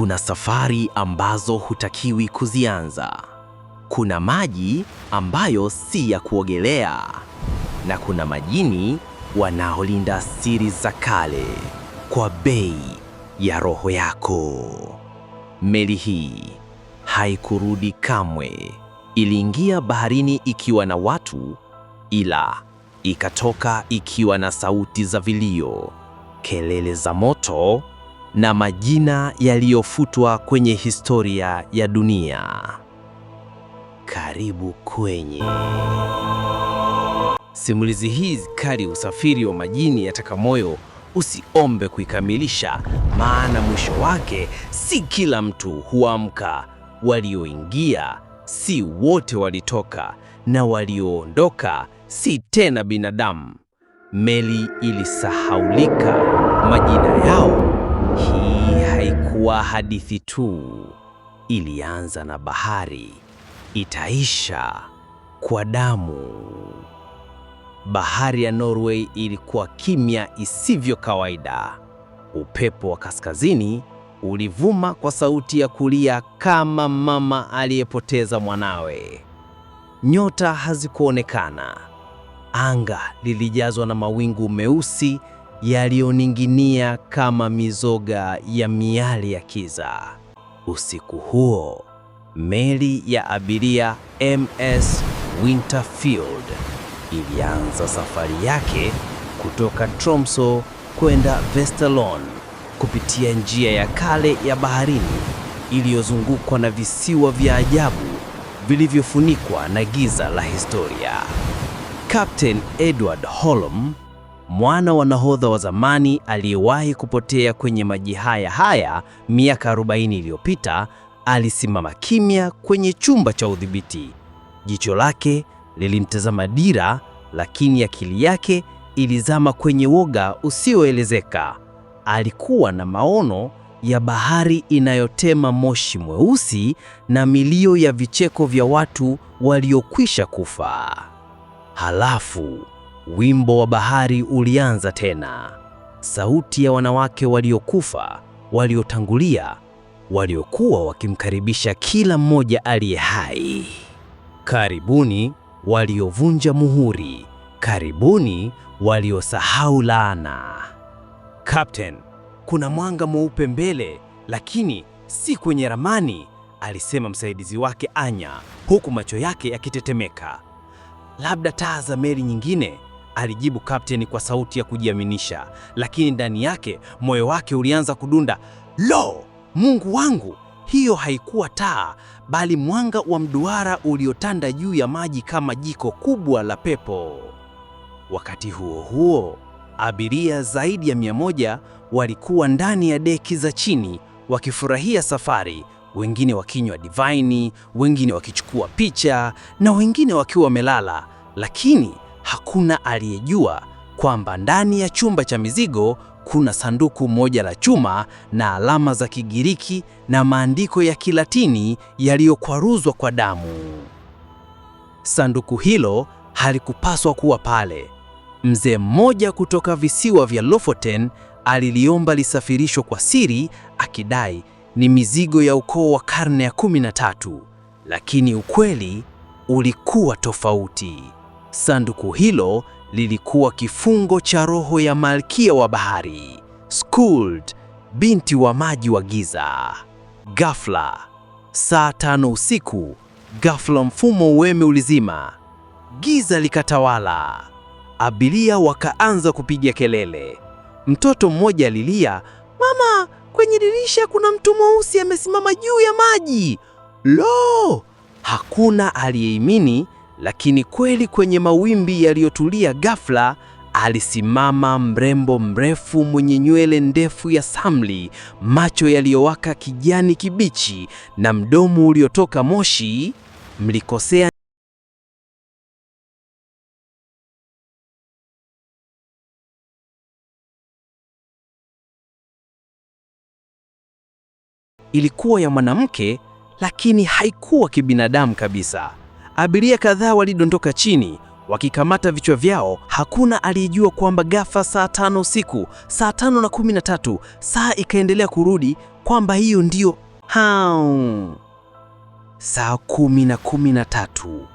Kuna safari ambazo hutakiwi kuzianza. Kuna maji ambayo si ya kuogelea, na kuna majini wanaolinda siri za kale kwa bei ya roho yako. Meli hii haikurudi kamwe. Iliingia baharini ikiwa na watu, ila ikatoka ikiwa na sauti za vilio, kelele za moto na majina yaliyofutwa kwenye historia ya dunia. Karibu kwenye simulizi hii kali, usafiri wa majini ya takamoyo Usiombe kuikamilisha, maana mwisho wake si kila mtu huamka. Walioingia si wote walitoka, na walioondoka si tena binadamu. Meli ilisahaulika, majina yao hii haikuwa hadithi tu, ilianza na bahari, itaisha kwa damu. Bahari ya Norway ilikuwa kimya isivyo kawaida. Upepo wa kaskazini ulivuma kwa sauti ya kulia kama mama aliyepoteza mwanawe. Nyota hazikuonekana. Anga lilijazwa na mawingu meusi yaliyoning'inia kama mizoga ya miali ya kiza. Usiku huo meli ya abiria MS Winterfield ilianza safari yake kutoka Tromso kwenda Vestalon kupitia njia ya kale ya baharini iliyozungukwa na visiwa vya ajabu vilivyofunikwa na giza la historia. Captain Edward Holm mwana wa nahodha wa zamani aliyewahi kupotea kwenye maji haya haya miaka 40 iliyopita, alisimama kimya kwenye chumba cha udhibiti. Jicho lake lilimtazama Dira, lakini akili yake ilizama kwenye woga usioelezeka. Alikuwa na maono ya bahari inayotema moshi mweusi na milio ya vicheko vya watu waliokwisha kufa. Halafu Wimbo wa bahari ulianza tena, sauti ya wanawake waliokufa, waliotangulia, waliokuwa wakimkaribisha kila mmoja aliye hai. Karibuni waliovunja muhuri, karibuni waliosahau laana. Captain, kuna mwanga mweupe mbele, lakini si kwenye ramani, alisema msaidizi wake Anya, huku macho yake yakitetemeka. Labda taa za meli nyingine alijibu kapteni kwa sauti ya kujiaminisha, lakini ndani yake moyo wake ulianza kudunda. Lo, Mungu wangu! Hiyo haikuwa taa, bali mwanga wa mduara uliotanda juu ya maji kama jiko kubwa la pepo. Wakati huo huo, abiria zaidi ya mia moja walikuwa ndani ya deki za chini wakifurahia safari, wengine wakinywa divaini, wengine wakichukua picha na wengine wakiwa wamelala, lakini hakuna aliyejua kwamba ndani ya chumba cha mizigo kuna sanduku moja la chuma na alama za Kigiriki na maandiko ya Kilatini yaliyokwaruzwa kwa damu. Sanduku hilo halikupaswa kuwa pale. Mzee mmoja kutoka visiwa vya Lofoten aliliomba lisafirishwe kwa siri, akidai ni mizigo ya ukoo wa karne ya 13, lakini ukweli ulikuwa tofauti. Sanduku hilo lilikuwa kifungo cha roho ya malkia wa bahari, Skuld, binti wa maji wa giza. Ghafla, saa tano usiku, ghafla mfumo umeme ulizima, giza likatawala. Abiria wakaanza kupiga kelele. Mtoto mmoja alilia, mama, kwenye dirisha kuna mtu mweusi amesimama juu ya maji. Lo! Hakuna aliyeamini lakini kweli kwenye mawimbi yaliyotulia ghafla, alisimama mrembo mrefu mwenye nywele ndefu ya samli, macho yaliyowaka kijani kibichi na mdomo uliotoka moshi. Mlikosea. Ilikuwa ya mwanamke, lakini haikuwa kibinadamu kabisa. Abiria kadhaa walidondoka chini wakikamata vichwa vyao. Hakuna aliyejua kwamba ghafla saa tano usiku, saa tano na kumi na tatu, saa ikaendelea kurudi kwamba hiyo ndiyo hao. Saa kumi na kumi na tatu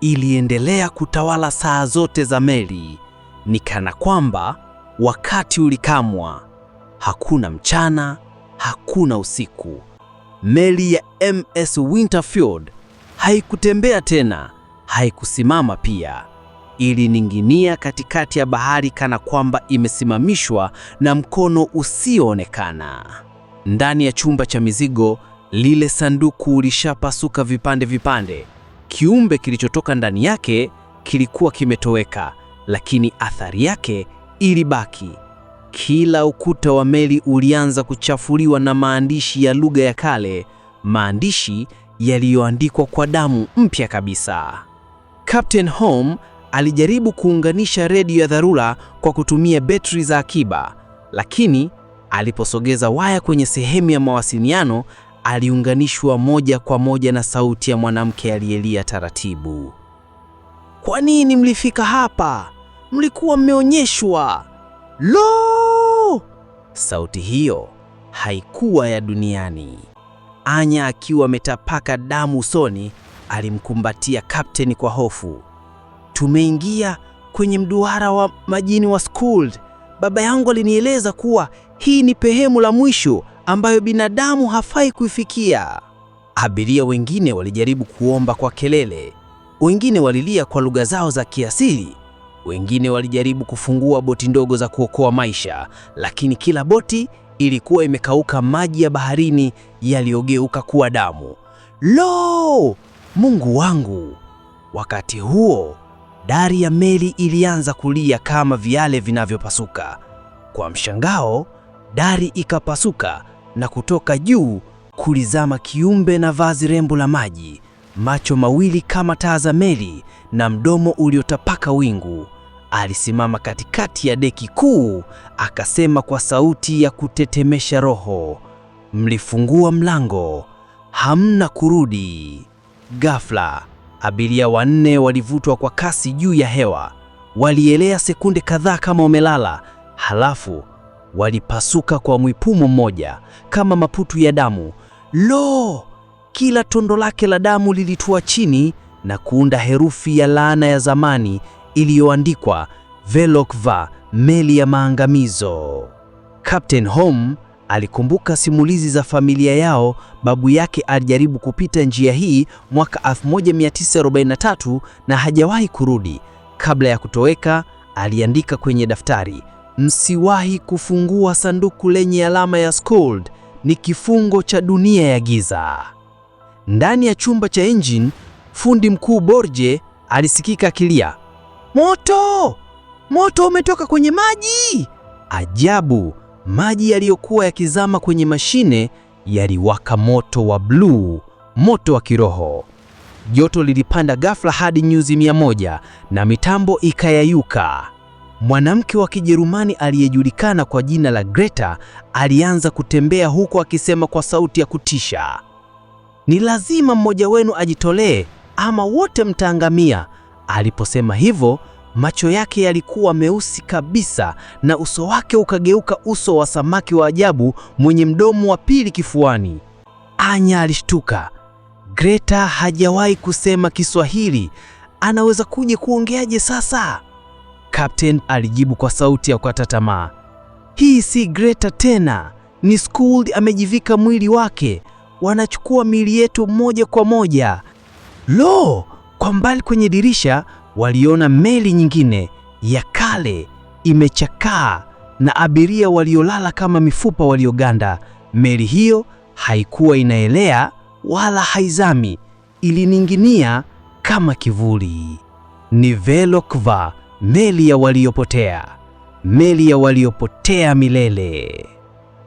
iliendelea kutawala saa zote za meli. Ni kana kwamba wakati ulikamwa. Hakuna mchana, hakuna usiku. Meli ya MS Winterfield haikutembea tena, haikusimama pia. Ilining'inia katikati ya bahari kana kwamba imesimamishwa na mkono usioonekana. Ndani ya chumba cha mizigo, lile sanduku lishapasuka vipande vipande. Kiumbe kilichotoka ndani yake kilikuwa kimetoweka, lakini athari yake ilibaki. Kila ukuta wa meli ulianza kuchafuliwa na maandishi ya lugha ya kale, maandishi yaliyoandikwa kwa damu mpya kabisa. Captain Home alijaribu kuunganisha redio ya dharura kwa kutumia betri za akiba, lakini aliposogeza waya kwenye sehemu ya mawasiliano, aliunganishwa moja kwa moja na sauti ya mwanamke aliyelia taratibu. Kwa nini mlifika hapa? Mlikuwa mmeonyeshwa. Lo! Sauti hiyo haikuwa ya duniani. Anya akiwa ametapaka damu usoni, alimkumbatia kapteni kwa hofu. Tumeingia kwenye mduara wa majini wa Skuld. Baba yangu alinieleza kuwa hii ni pehemu la mwisho ambayo binadamu hafai kuifikia. Abiria wengine walijaribu kuomba kwa kelele, wengine walilia kwa lugha zao za kiasili, wengine walijaribu kufungua boti ndogo za kuokoa maisha, lakini kila boti ilikuwa imekauka maji ya baharini yaliyogeuka kuwa damu. Lo, Mungu wangu! Wakati huo dari ya meli ilianza kulia kama viale vinavyopasuka. Kwa mshangao, dari ikapasuka na kutoka juu kulizama kiumbe na vazi rembo la maji, macho mawili kama taa za meli na mdomo uliotapaka wingu alisimama katikati ya deki kuu akasema kwa sauti ya kutetemesha roho, mlifungua mlango, hamna kurudi. Ghafla abiria wanne walivutwa kwa kasi juu ya hewa, walielea sekunde kadhaa kama wamelala, halafu walipasuka kwa mwipumo mmoja kama maputu ya damu. Lo! Kila tondo lake la damu lilitua chini na kuunda herufi ya laana ya zamani iliyoandikwa Velokva, meli ya maangamizo. Captain Home alikumbuka simulizi za familia yao. Babu yake alijaribu kupita njia hii mwaka 1943 na hajawahi kurudi. Kabla ya kutoweka, aliandika kwenye daftari, msiwahi kufungua sanduku lenye alama ya scold, ni kifungo cha dunia ya giza. Ndani ya chumba cha engine, fundi mkuu Borje alisikika akilia moto, moto umetoka kwenye maji! Ajabu, maji yaliyokuwa yakizama kwenye mashine yaliwaka moto wa bluu, moto wa kiroho. Joto lilipanda ghafla hadi nyuzi mia moja na mitambo ikayayuka. Mwanamke wa Kijerumani aliyejulikana kwa jina la Greta alianza kutembea huku akisema kwa sauti ya kutisha, ni lazima mmoja wenu ajitolee ama wote mtaangamia. Aliposema hivyo, macho yake yalikuwa meusi kabisa na uso wake ukageuka uso wa samaki wa ajabu mwenye mdomo wa pili kifuani. Anya alishtuka. Greta hajawahi kusema Kiswahili, anaweza kuja kuongeaje sasa? Captain alijibu kwa sauti ya kukata tamaa. Hii si Greta tena, ni Scold amejivika mwili wake. Wanachukua miili yetu moja kwa moja. Lo! Kwa mbali kwenye dirisha waliona meli nyingine ya kale imechakaa na abiria waliolala kama mifupa walioganda. Meli hiyo haikuwa inaelea wala haizami, ilining'inia kama kivuli. Ni Velokva, meli ya waliopotea, meli ya waliopotea milele.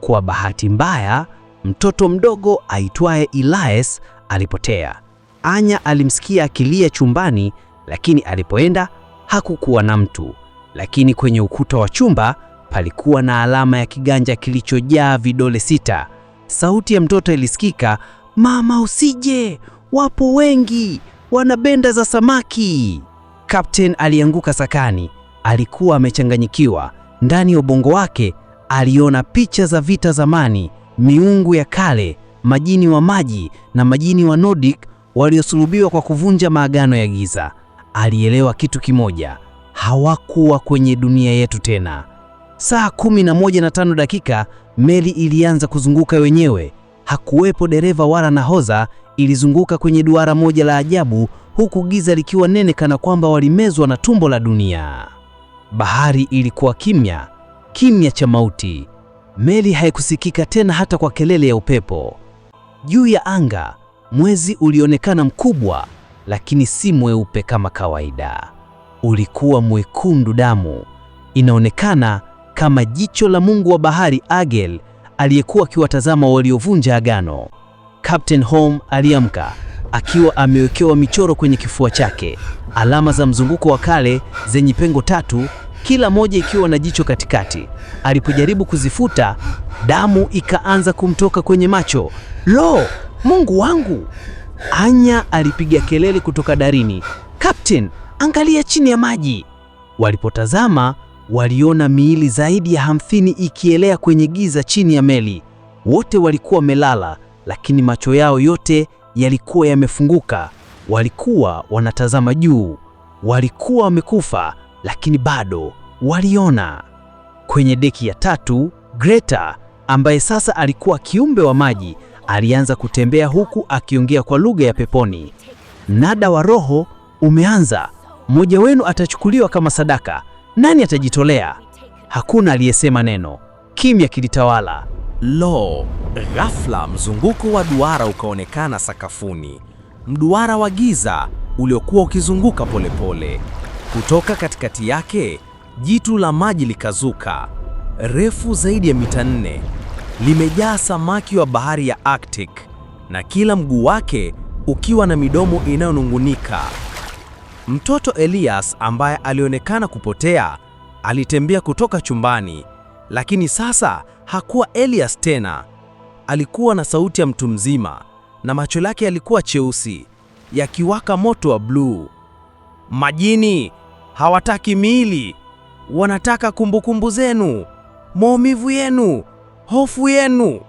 Kwa bahati mbaya, mtoto mdogo aitwaye Elias alipotea Anya alimsikia akilia chumbani, lakini alipoenda hakukuwa na mtu. Lakini kwenye ukuta wa chumba palikuwa na alama ya kiganja kilichojaa vidole sita. Sauti ya mtoto ilisikika, mama, usije, wapo wengi, wana benda za samaki. Kapteni alianguka sakani. Alikuwa amechanganyikiwa. Ndani ya ubongo wake aliona picha za vita zamani, miungu ya kale, majini wa maji na majini wa Nordic waliosulubiwa kwa kuvunja maagano ya giza, alielewa kitu kimoja: hawakuwa kwenye dunia yetu tena. Saa kumi na moja na tano dakika meli ilianza kuzunguka wenyewe. Hakuwepo dereva wala nahodha, ilizunguka kwenye duara moja la ajabu, huku giza likiwa nene, kana kwamba walimezwa na tumbo la dunia. Bahari ilikuwa kimya, kimya cha mauti. Meli haikusikika tena hata kwa kelele ya upepo. Juu ya anga Mwezi ulionekana mkubwa, lakini si mweupe kama kawaida. Ulikuwa mwekundu damu. Inaonekana kama jicho la Mungu wa bahari Agel aliyekuwa akiwatazama waliovunja agano. Captain Holmes aliamka akiwa amewekewa michoro kwenye kifua chake, alama za mzunguko wa kale zenye pengo tatu, kila moja ikiwa na jicho katikati. Alipojaribu kuzifuta, damu ikaanza kumtoka kwenye macho. Lo! Mungu wangu! Anya alipiga kelele kutoka darini, Captain, angalia chini ya maji! Walipotazama waliona miili zaidi ya hamsini ikielea kwenye giza chini ya meli. Wote walikuwa wamelala, lakini macho yao yote yalikuwa yamefunguka. Walikuwa wanatazama juu. Walikuwa wamekufa, lakini bado waliona. Kwenye deki ya tatu, Greta ambaye sasa alikuwa kiumbe wa maji alianza kutembea huku akiongea kwa lugha ya peponi. Mnada wa roho umeanza, mmoja wenu atachukuliwa kama sadaka. Nani atajitolea? Hakuna aliyesema neno, kimya kilitawala. Lo, ghafla mzunguko wa duara ukaonekana sakafuni, mduara wa giza uliokuwa ukizunguka polepole. Kutoka katikati yake jitu la maji likazuka, refu zaidi ya mita nne limejaa samaki wa bahari ya Arctic na kila mguu wake ukiwa na midomo inayonungunika. Mtoto Elias ambaye alionekana kupotea alitembea kutoka chumbani, lakini sasa hakuwa Elias tena. Alikuwa na sauti ya mtu mzima na macho yake yalikuwa cheusi yakiwaka moto wa bluu. Majini hawataki miili, wanataka kumbukumbu zenu, maumivu yenu hofu yenu.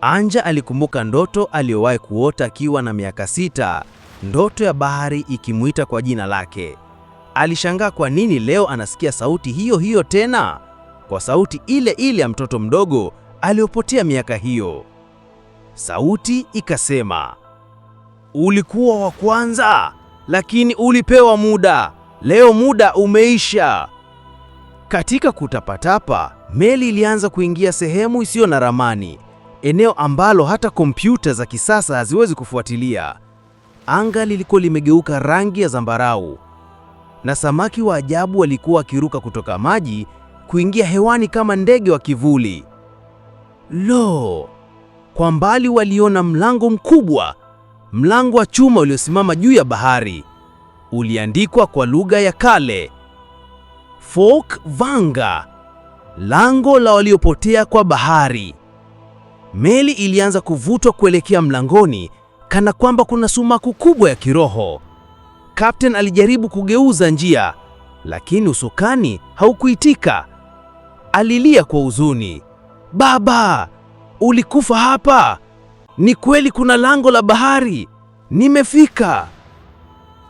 Anja alikumbuka ndoto aliyowahi kuota akiwa na miaka sita, ndoto ya bahari ikimwita kwa jina lake. Alishangaa kwa nini leo anasikia sauti hiyo hiyo tena, kwa sauti ile ile ya mtoto mdogo aliyopotea miaka hiyo. Sauti ikasema, ulikuwa wa kwanza, lakini ulipewa muda. Leo muda umeisha. Katika kutapatapa, meli ilianza kuingia sehemu isiyo na ramani, eneo ambalo hata kompyuta za kisasa haziwezi kufuatilia. Anga lilikuwa limegeuka rangi ya zambarau, na samaki wa ajabu walikuwa wakiruka kutoka maji kuingia hewani kama ndege wa kivuli. Lo! Kwa mbali waliona mlango mkubwa, mlango wa chuma uliosimama juu ya bahari. Uliandikwa kwa lugha ya kale folk vanga lango la waliopotea kwa bahari. Meli ilianza kuvutwa kuelekea mlangoni, kana kwamba kuna sumaku kubwa ya kiroho. kapten alijaribu kugeuza njia, lakini usukani haukuitika. Alilia kwa huzuni, baba, ulikufa hapa? Ni kweli kuna lango la bahari, nimefika.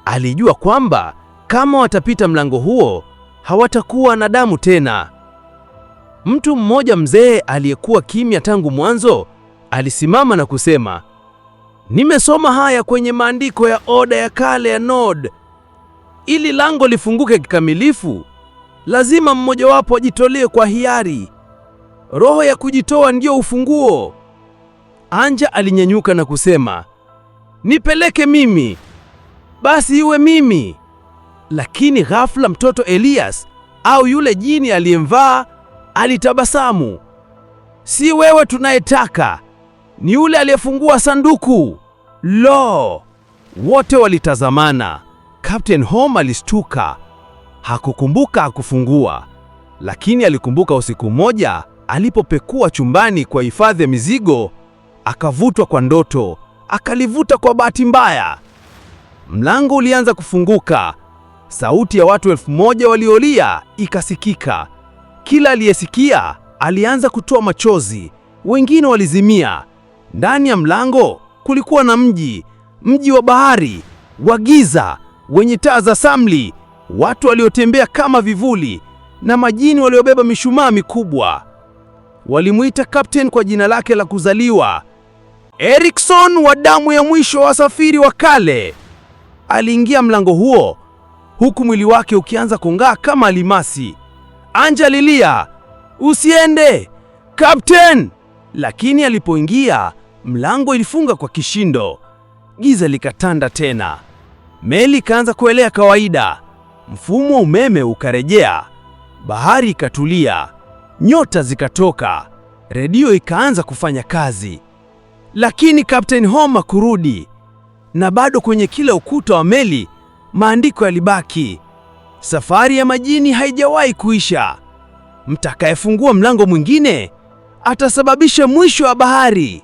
Alijua kwamba kama watapita mlango huo hawatakuwa na damu tena. Mtu mmoja mzee aliyekuwa kimya tangu mwanzo alisimama na kusema, nimesoma haya kwenye maandiko ya Oda ya Kale ya Nod. Ili lango lifunguke kikamilifu, lazima mmojawapo ajitolee kwa hiari. Roho ya kujitoa ndiyo ufunguo. Anja alinyanyuka na kusema, nipeleke mimi. Basi iwe mimi. Lakini ghafla mtoto Elias au yule jini aliyemvaa alitabasamu. Si wewe tunayetaka, ni yule aliyefungua sanduku. Lo! Wote walitazamana. Captain Home alistuka. Hakukumbuka hakufungua, lakini alikumbuka usiku mmoja alipopekua chumbani kwa hifadhi ya mizigo, akavutwa kwa ndoto, akalivuta kwa bahati mbaya. Mlango ulianza kufunguka, sauti ya watu elfu moja waliolia ikasikika. Kila aliyesikia alianza kutoa machozi, wengine walizimia. Ndani ya mlango kulikuwa na mji, mji wa bahari, wa giza, wenye taa za samli, watu waliotembea kama vivuli na majini waliobeba mishumaa mikubwa. Walimwita kapten kwa jina lake la kuzaliwa, Erikson wa damu ya mwisho wa wasafiri wa kale. Aliingia mlango huo huku mwili wake ukianza kung'aa kama alimasi. Anja lilia, usiende kapten! Lakini alipoingia mlango ilifunga kwa kishindo. Giza likatanda tena, meli ikaanza kuelea kawaida, mfumo wa umeme ukarejea, bahari ikatulia, nyota zikatoka, redio ikaanza kufanya kazi. Lakini Captain Homa kurudi na bado kwenye kila ukuta wa meli maandiko yalibaki. Safari ya majini haijawahi kuisha. Mtakayefungua mlango mwingine atasababisha mwisho wa bahari.